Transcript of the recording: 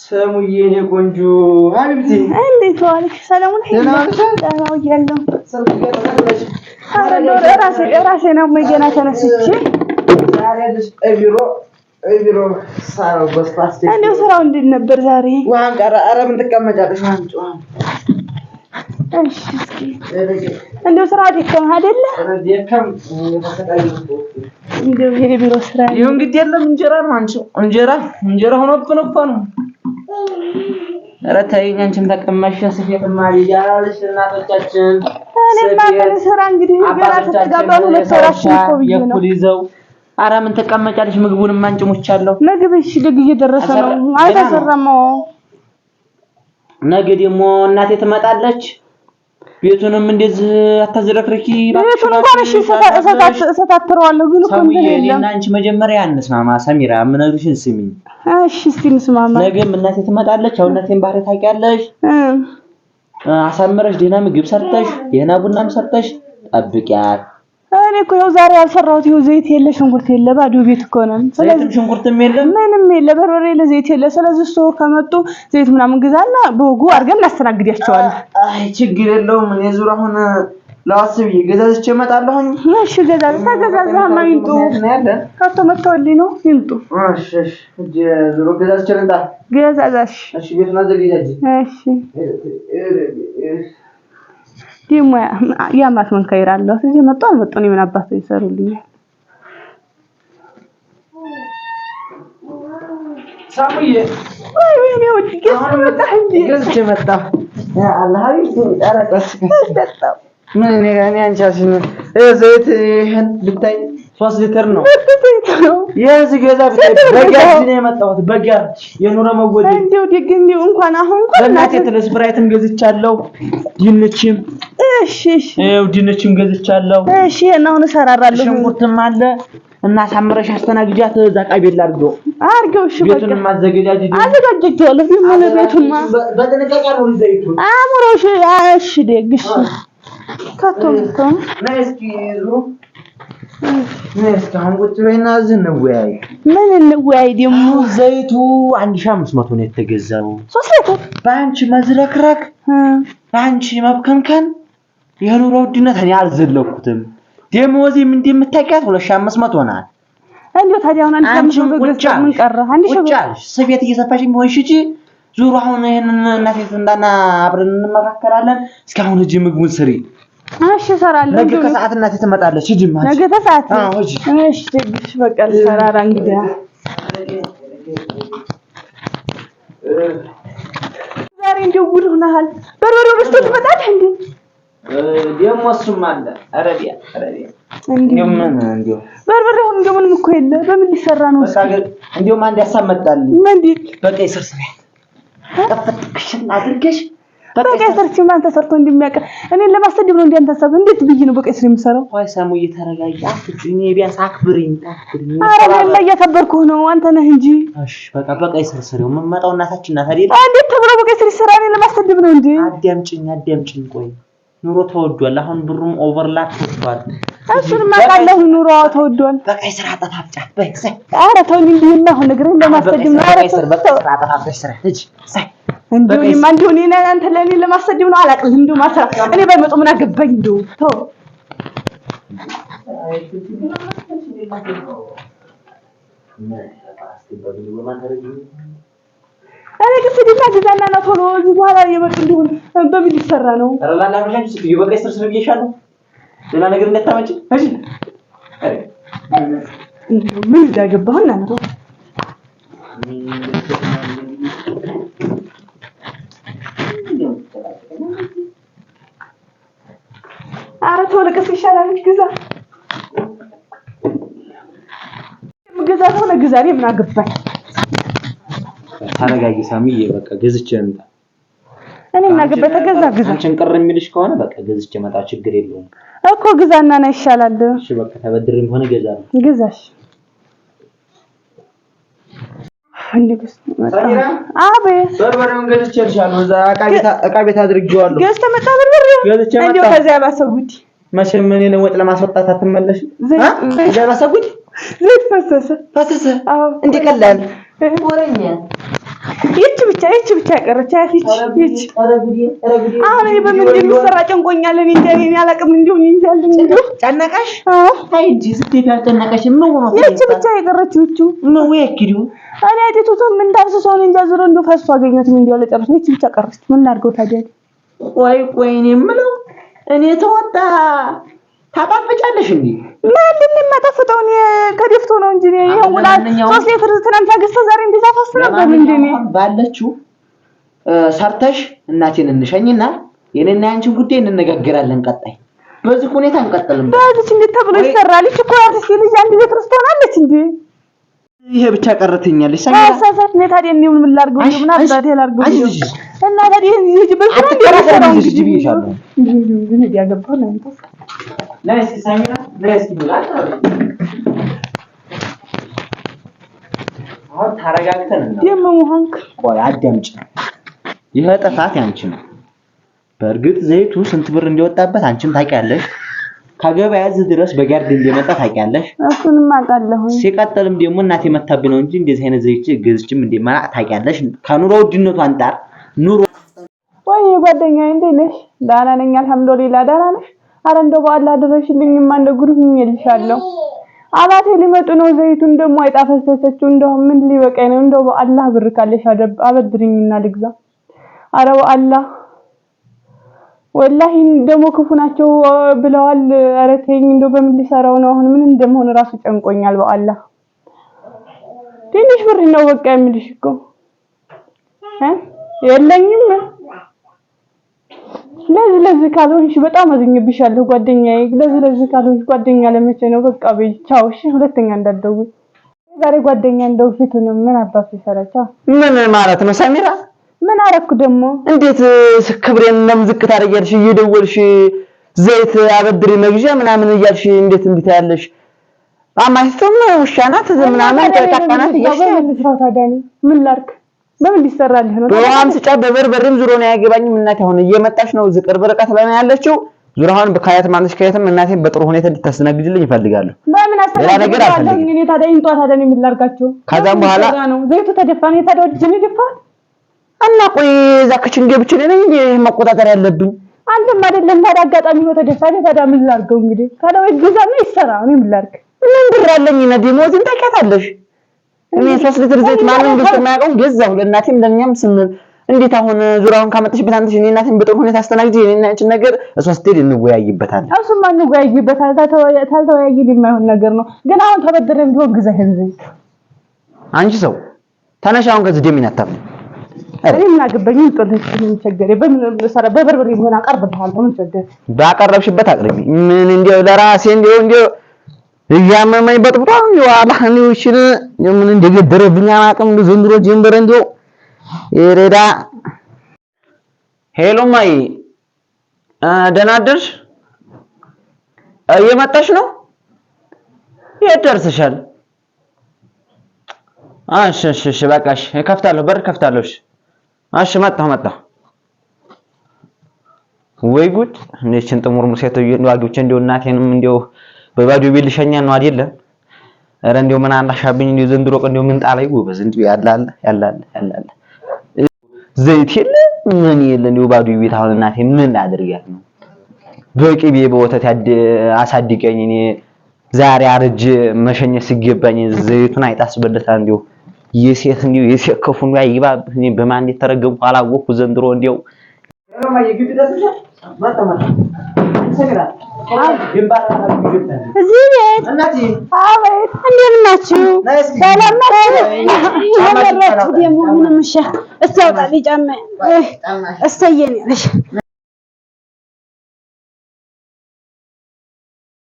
ሰሙዬ የኔ ቆንጆ ሀቢብቲ እንዴት ዋልሽ? ሰላሙን ሄሎ ሰላም ያለው ራሴ ነው መገና ተነስቼ እንደው ስራው እንዴት ነበር ዛሬ? ዋን ቀረ። ኧረ ምን ትቀመጫለሽ? እንደው ስራ ደከመህ አይደለ? እንደው የቢሮ ስራ የለም እንጀራ ነው። አንቺ እንጀራ እንጀራ ሆኖብን እኮ ነው ኧረ ተይኝ አንቺም ተቀማሽ ስፌት ማሪ ያላለሽ እናቶቻችን ስራ እንግዲህ ገና ተተጋባሉ ሁለት ወራችን እኮ ብዬ ነው የእኩል ይዘው ኧረ ምን ትቀመጫለሽ ምግቡንም አንጭሙቻለሁ ምግብ እሺ ልግ እየደረሰ ነው አልተሰራም ነገ ደግሞ እናቴ ትመጣለች ቤቱንም እንደዚህ አታዝረክርኪ። ቤቱን እንኳን እሺ እሰታትረዋለሁ፣ ግን እኮ እንትን የለም። አንቺ መጀመሪያ እንስማማ። ሰሚራ የምነግርሽን ስሚኝ እሺ? እስቲ እንስማማ። ነገም እናቴ ትመጣለች። አሁን እናቴን ባህሪ ታውቂያለሽ። አሳምረሽ ደህና ምግብ ሰርተሽ፣ ደህና ቡናም ሰርተሽ ጠብቂያት። እኔ እኮ ይኸው ዛሬ ያልሰራሁት ይኸው ዘይት የለ ሽንኩርት የለ ባዶ ቤት እኮ ነን። ስለዚህ ሽንኩርትም የለ ምንም የለ በርበሬ የለ ዘይት የለ። ስለዚህ እሱ ከመጡ ዘይት ምናምን ግዛና በወጉ አድርገን እናስተናግዳቸዋለን። አይ ችግር የለውም። እኔ ዙር አሁን ለዋስብ ይገዛዝቼ እመጣለሁ። እሺ ገዛዝ ተገዛዝማ ይምጡ ከቶ መተውልኝ ነው ይምጡ። እሺ እሺ ዙሮ ገዛዝቼ ልምጣ። ገዛዛሽ እሺ ቤቱን አዘጋጃጅ እሺ ደግሞ የአማት መንከይር አለው እዚህ መጡ አልመጡ ነው ምን አባቱ ይሰሩልኛል። ሳሙዬ ወይ ወይ ሶስት ሊትር ነው የዚህ ገዛ በጋዝ የመጣሁት። በጋዝ የኑሮ መወደድ እንኳን አሁን እንኳን እናቴ ስፕራይትም ገዝቻለሁ ድንችም እሺ፣ እሺ። ይኸው ድንችም ገዝቻለሁ። እሺ፣ እና አሁን እሰራራለሁ። ሽንኩርትም አለ እና ሳምረሽ አስተናግጃት። እዛ ዕቃ ቤት ላድርገው እሺ፣ በቃ ቤቱንም አዘገጃጅ አዘጋጅቼዋለሁ። ቢሞላ ቤቱማ በጥንቃቄ ነው አምረው። እሺ፣ እሺ፣ ደግ እሺ። ከቶ እኮ ነይ እስኪ ምን እንወያይ ደግሞ? ዘይቱ አንድ ሺህ አምስት መቶ ነው የተገዛው። ሶስት ሊትር በአንቺ መዝረክረክ በአንቺ መብከንከን የኑሮ ውድነት እኔ አልዘለኩትም። ደሞዜም እንደምታውቂያት ሁለት ሺህ አምስት መቶ ናት። እንዴ ታዲያ አሁን አንድ ሺህ ምን ቀረ? አንድ ሺህ ብር ስፌት እየሰፋሽ ቢሆን ሽጪ። ዙሩ አሁን ይሄንን እናቴ እንዳና አብረን እንመካከራለን። እስካሁን እጂ ምግቡን ስሪ። እሺ እሰራለሁ። ነገ ከሰዓት እናቴ ትመጣለች። እጂ ማለት ነገ ከሰዓት አዎ። እሺ እሺ፣ ደግሽ በቃ ልሰራራ እንግዲህ ዛሬ እንደው ጉድ ሆነሃል። በርበሬው በስቶ ትመጣለህ እንዴ? ደግሞ እሱም አለ። አረቢያ አረቢያ እንዲሁ ምን እንዲሁ ምንም እኮ የለ። በምን ሊሰራ ነው? እንዲሁም አንድ ያሳመጣል። አድርገሽ ተሰርቶ እንደሚያውቅ እኔን ነው። እንዴት ብዬ ነው በቀይ ስር የምሰራው? አይ እያከበርኩህ ነው፣ አንተ ነህ እንጂ። እሺ በቃ በቀይ ስር ስር የምመጣው እናታችን ናት እንዴት ተብሎ በቀይ ስር ይሰራ? እኔን ለማሰደብ ነው እንዴ? አዳምጪኝ፣ አዳምጪኝ ቆይ ኑሮ ተወዷል። አሁን ብሩም ኦቨርላፕ ወጥቷል። እሱን ማቃለሁ ኑሮ ተወዷል። በቃ የሥራ ጠፋ በቃ በይ ተውኝ አሁን እግሬን ነው። አረ ተው በቃ የሥራ ጠፋ ስራ ሂጂ ሰይ። እንዲሁ እኔማ እንዲሁ አንተ ለእኔ ለማስቀደም ነው አላውቅም። እንዲሁ ማስራ እኔ ባይመጡ ምን አገባኝ? እንዲሁ ተው አይ አረ ግፍ ግዛ ግዛና ነው ቶሎ እዚህ በኋላ እየመጡ እንዲሁን በምን ሊሰራ ነው? ሌላ ነገር እሺ። ምን እንዳገባህና ነው አረ ተወለቀስ ይሻላል። ግዛ ግዛ ተሆነ ግዛ ምን አገባኝ? ተረጋጊ ሳሚዬ። በቃ ገዝቼ እንታ እኔ እናገባ ተገዛ ግዛ። አንቺን ቅር የሚልሽ ከሆነ በቃ ገዝቼ መጣ፣ ችግር የለውም እኮ ግዛና ና ይሻላል። እሺ በቃ ተበድርም ሆነ ገዛለሁ። ግዛሽ ወጥ ለማስወጣት ዘይት ፈሰሰ ፈሰሰ። ይቺ ብቻ ይቺ ብቻ ቀረች። ያት ይቺ ይቺ አሁን እኔ በምን እንደሚሰራ ጨንቆኛል። እኔ እንጃ እኔ አላውቅም። እንዲሁ እኔ እንጃ ጨነቀሽ? አይ እንጂ ስትሄድ አልጨነቀሽ። ምን ሆኖ ይቺ ብቻ የቀረችው ይቺ ነው ወይ አኪዱ እኔ አይደቱት ምን ዳብስ ሰውን እንጃ ዞሮ እንደው ፈሱ አገኘሁት። ምን እንዲያው ለጨርስ ይቺ ብቻ ቀረች። ምን ላድርገው ታዲያ? ቆይ ቆይ የምለው እኔ ተወጣ ታጣፍጫለሽ እንዴ? ማንንም የማጣፍጠውን ከደፍቶ ነው እንጂ ይሄው ወላ ሶስት ሊትር ትናንት ገዝተህ ዛሬ እንደዛ ፈስ ነበር እንዴ? ባለችው ሰርተሽ እናቴን እንሸኝና የኔና ያንቺን ጉዳይ እንነጋገራለን። ቀጣይ በዚህ ሁኔታ እንቀጥልም። በዚህ እንዴት ተብሎ ይሰራል? እቺ እኮ አርቲስት ልጅ አንድ ቤት ውስጥ ሆናለች እንዴ? ይሄ ብቻ ቀረተኛለሽ። ሳሳት ነው ታዲያ እኔ ምን ላድርገው? ምን አባቴ ላድርገው? እና ታዲያ ይሄ ልጅ በዚህ እንዴ ያሰራው እንዴ? እንዴ እንዴ ያገባው ነው Lei si semina, lei እስኪ ይላል። አሁን ታረጋግተን እና የመሙሃንክ ቆይ አዳምጪ። ይሄ ጥፋት ያንቺ ነው። በእርግጥ ዘይቱ ስንት ብር እንደወጣበት አንቺም ታውቂያለሽ። ከገበያ እዚህ ድረስ በጋርድ እንደመጣ ታውቂያለሽ። እሱንም አውቃለሁ። ሲቀጥልም ደግሞ እናቴ መታብኝ ነው እንጂ እንደዚህ አይነት ዘይት ገዝቼም እንደማላ ታውቂያለሽ። ከኑሮ ውድነቱ አንጻር ኑሮ ወይ ጓደኛዬ፣ እንዴት ነሽ? ደህና ነኝ፣ አልሐምዱሊላህ። ደህና ነሽ? አረ እንደው በኋላ ድረሽልኝማ እንደው ጉርሁኝ እልሻለሁ። አባቴ ሊመጡ ነው። ዘይቱን ደግሞ አይጣፈሰሰችው እንደው ምን ሊበቃኝ ነው? እንደው በአላህ ብር ካለሽ አበድርኝና ልግዛ። አረ በአላህ ወላሂ ደግሞ ክፉ ናቸው ብለዋል። አረ ተይኝ፣ እንደው በምን ሊሰራው ነው? አሁን ምን እንደምሆን እራሱ ጨንቆኛል። በአላህ ትንሽ ብር ነው በቃ የምልሽ እኮ የለኝም ለዚህ ለዚህ ካልሆንሽ በጣም አዝኜብሻለሁ ጓደኛዬ። ለዚህ ለዚህ ካልሆንሽ ጓደኛ ለመቼ ነው? በቃ በይ ቻው። እሺ ሁለተኛ እንዳደጉ ዛሬ ጓደኛ እንደው ፊቱ ነው ምን አባቱ ይሰራቻ። ምን ማለት ነው ሰሚራ? ምን አረኩ ደግሞ? እንዴት ክብሬን ነው ዝቅ ታደርጊያለሽ? እየደወልሽ ዘይት አበድሪ መግዣ ምናምን እያልሽ እንዴት እንዴት ያለሽ አማይስቱም ውሻ ናት ምናምን ተጣጣናት። እያሽ ምን ላርክ በምን ሊሰራልህ ነው? በውሃም ስጫት በበርበሬም ዙሮ ነው ያገባኝም። እናቴ አሁን እየመጣች ነው፣ ቅርብ ርቀት ላይ ነው ያለችው። ዙራሁን አሁን ከያት ማነች ከየትም እናቴን በጥሩ ሁኔታ እንድታስነግድልኝ እፈልጋለሁ። በምን ሌላ ነገር አልፈልግም። እኔ ታዲያ ይምጧ ታዲያ የሚላርጋቸው። ከዛም በኋላ ዘይቱ ተደፋ ነው ታዲያ ወዲህ ነው ደፋ እና ቆይ እዛ ክችን ገብቼ ነኝ እንዴ መቆጣጠር ያለብኝ አንተም አይደለም ታዲያ አጋጣሚ ነው ተደፋ ነው ታዲያ ምን ላርገው እንግዲህ ታዲያ ወይ ገዛ ነው ይሰራ ነው ምን የሚላርግ ምን ግር አለኝ ነው ደሞዝን ታውቂያታለሽ እኔ ሶስት ሊትር ዘይት ማንም ግብፅ የማያውቀውን ገዛሁ ለእናቴም ለእኛም ስንል እንዴት አሁን ዙሪያውን ካመጣሽበት አንተሽ እኔ እናቴን በጥሩ ሁኔታ አስተናግጂ እኔና አንቺን ነገር ሶስት ዴል እንወያይበታል። እሱም እንወያይበታል። ታልተወያይ የማይሆን ነገር ነው። ግን አሁን ተበደረን ቢሆን ግዛ ህንዚ አንቺ ሰው ተነሽ አሁን ከዚህ ደም አታፍል። እኔ ምን አገባኝ? ምን ጥልሽ ምን ቸገረ? በምን ሰራ? በበርበሬ ቢሆን አቀርብልሃለሁ። ምን ቸገረ? ባቀረብሽበት አቅርቢ። ምን እንደው ለራሴ እንደው እንደው እያመመኝ በጥብጦ የኋላ ሊውሽን ምን እንደገበረብኝ አላውቅም። ዘንድሮ ጀምበረ እንዲው ይረዳ ሄሎ ማይ ደህና አደርሽ። እየመጣሽ ነው? የት ደርሰሻል? እሺ እሺ እሺ በቃሽ፣ እከፍታለሁ፣ በር እከፍታለሁ። እሺ እሺ፣ መጣሁ መጣሁ። ወይ ጉድ! እኔችን ጥሙር ሙሴት ይሉ ዋጊዎች እንደው እናቴንም እንደው በባዶ ቤት ልሸኛ ነው አይደለ? ኧረ እንደው ምን አናሻብኝ እንደው ዘንድሮ ቀን እንደው ምን ጣላይ ጎበዝ እንደው ያላል ያላል ያላል ዘይት የለ ምን የለ እንደው ባዶ ቤት አሁን እናቴ ምን ላድርጋት ነው? በቅቤ በወተት አሳድገኝ እኔ ዛሬ አርጅ መሸኘት ሲገባኝ ዘይቱን አይጣስ በለታ እንደው የሴት እንደው የሴት ክፉ ነው እኔ በማን እንደተረገምኩ አላወቅኩ ዘንድሮ እንደው ማየ ደስ ሰግራ እዚህ ቤት አቤት፣ እንደምን ናችሁ? ሰላም ናችሁ? የመረጥኩ ደግሞ ምንም እሺ፣ እስኪ አውጣልኝ ጫማ። እሰየን ያለሽ